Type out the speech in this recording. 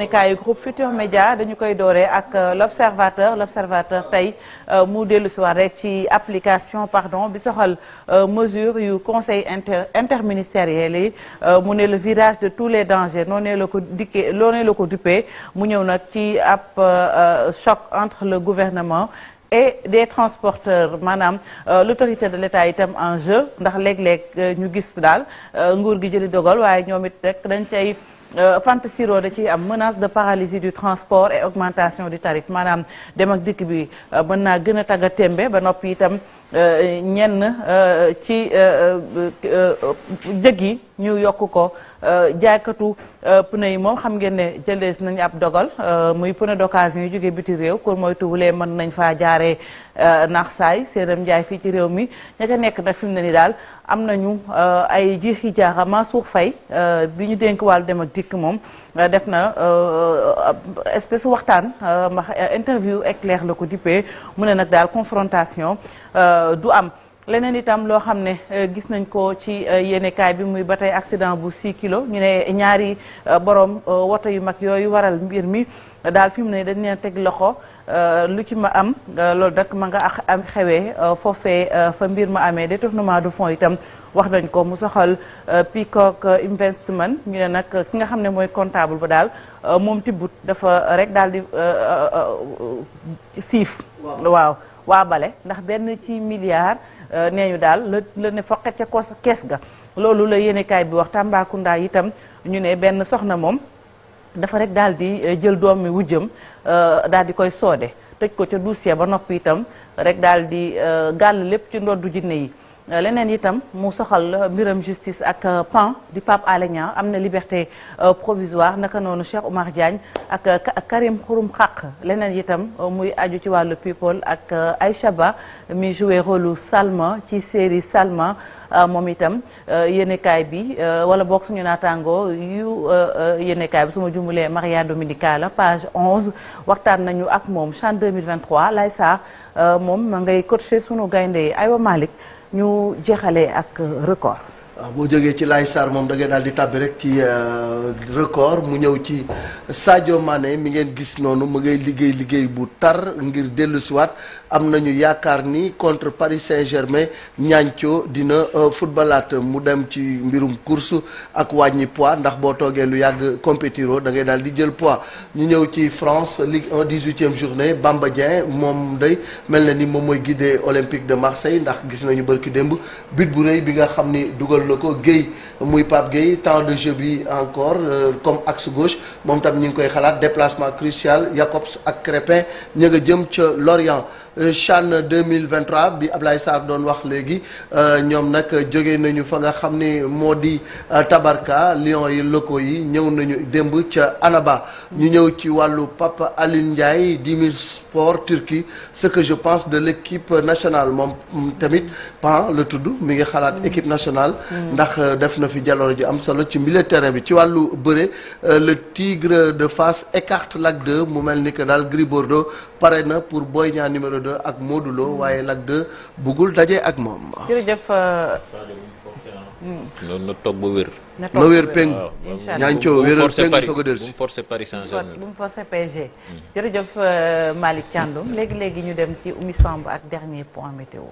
nekaayu groupe Futur Média dañu koy dooree ak euh, l'observateur l'observateur tey euh, mu dellu si waat rek ci application pardon bi soxal euh, mesure yu conseil inter interministériel yi mu ne le virage de tous les dangers noo ne la ko dikkee loo ko duppee mu ñëw nag ci ab choc entre le gouvernement et des transporteurs maanaam l'autorité de l'État itam en jeu ndax léeg-léeg ñu gis daal nguur gi jëli dogal waaye ñoom it dañ cay Euh, Fanta Siro da ciy am menace de paralysie du transport et augmentation du tarif maanaam dem ak dikk bi euh, mën naa gën a tagga tembe ba noppi itam Euh, ñenn euh, ci euh, njëg yi ñu yokk ko jaaykatu pneu yi moom xam ngeen ne jëlees nañ ab dogal muy pneu d'occasion yu jógee biti réew kon mooy tuwulee mën nañ faa jaaree naax saay seenam njaay fii ci réew mi nekk nag fi mu ne ni daal am nañu ay jiixi jaaxa Mansour Faye bi ñu denk wàllu dem ak dikk moom def na espèce waxtaan max interview éclair la ko dippee mu ne nag daal confrontation Euh, du am leneen itam loo xam ne euh, gis nañ ko ci euh, yéenekaay bi muy ba tey accident bu 6 kilos ñu ne ñaari boroom woto yu mag yooyu waral mbir mi daal fi mu ne dañ leen teg loxo lu ci ma am loolu dakk ma nga ak am xewee foofee fa mbir ma amee détournement de fond itam wax nañ ko mu soxal Peacock Investment ñu ne nag ki nga xam ne mooy comptable ba daal moom tibbut dafa rek daal di siif waaw waa bale ndax benn ci milliard euh, nee ñu daal la la ne foqet ca kees ga loolu la yenekaay bi wax Tambacounda itam ñu ne benn soxna moom dafa rek daal di euh, jël doom mi wujjam euh, daal di koy soode tëj ko ca dossier ba noppi itam rek daal di gàll lépp ci ndoddu jinne yi Euh, leneen itam mu soxal euh, mbiram justice ak euh, pan di Pape Alé am na liberté provisoire naka noonu Cheikh Oumar Diagne ak Karim Xurum Xaq leneen itam muy aju ci wàllu people ak ay Ba mi joué rôle Salma ci série Salma moom itam yéenekaay bi wala bokk suñu naataango yu yéenekaay bi su ma jumulee Maria Dominica la page 11 waxtaan nañu ak moom mille CHAN 2023 Laye Sarr moom ma ngay coaché sunu gaynde yi aywa Malick ñu jeexalee ak record waaw boo jógee ci Laye Sarr moom da ngay daal di tàbbi rek ci euh, record mu ñëw ci Sadio Mané mi ngeen gis noonu mu ngay liggéey liggéey bu tar ngir dellusiwaat am nañu yaakaar ni contre Paris Saint-Germain ñaancoo dina euh, footballaat mu dem ci mbirum course ak wàññi poids ndax boo toogee lu yàgg compétiro dangay ngay daal di jël poids ñu ñëw ci France Ligue 1 18e journée Bamba Dieng moom day mel na ni moom mooy guidé Olympique de Marseille ndax gis nañu bërki démb jël na ko Guèye muy Pape Guèye temps de jeu bi encore euh, comme axe gauche moom tam ñu ngi koy xalaat déplacement crucial Jacobs ak Crépin ñu nga jëm ca Lorient Euh, CHAN 2023 bi Ablaye Sarr doon wax léegi euh, ñoom nag jóge nañu fa nga xam ni moo di euh, Tabarka Lions yi locaux yi ñëw nañu démb ca anaba ñu ñëw ci wàllu Papa Alioune Ndiaye Dimir Sport Turquie ce que je pense de l'équipe nationale moom tamit pan la tudd mi ngi xalaat mm. équipe nationale mm. ndax def na fi jaloor ji am solo ci milieu terrain bi ci wàllu bëre le tigre de Fass écarte Lac 2 mu mel ni que daal Gris Bordeaux pare na pour Boy Niang numéro 2 ak Modou Lo waaye Lac 2 buggul daje ak moom. jërëjëf. Euh, na toog ba wér. na toog ba wér pengu. incha allah wéral pengu soog a dellusi. bu mu forcé Paris Saint-Germain bu mu forcé PSG. Hmm. jërëjëf euh, Malick léegi léegi ñu dem ci Oumy Samb ak dernier point météo.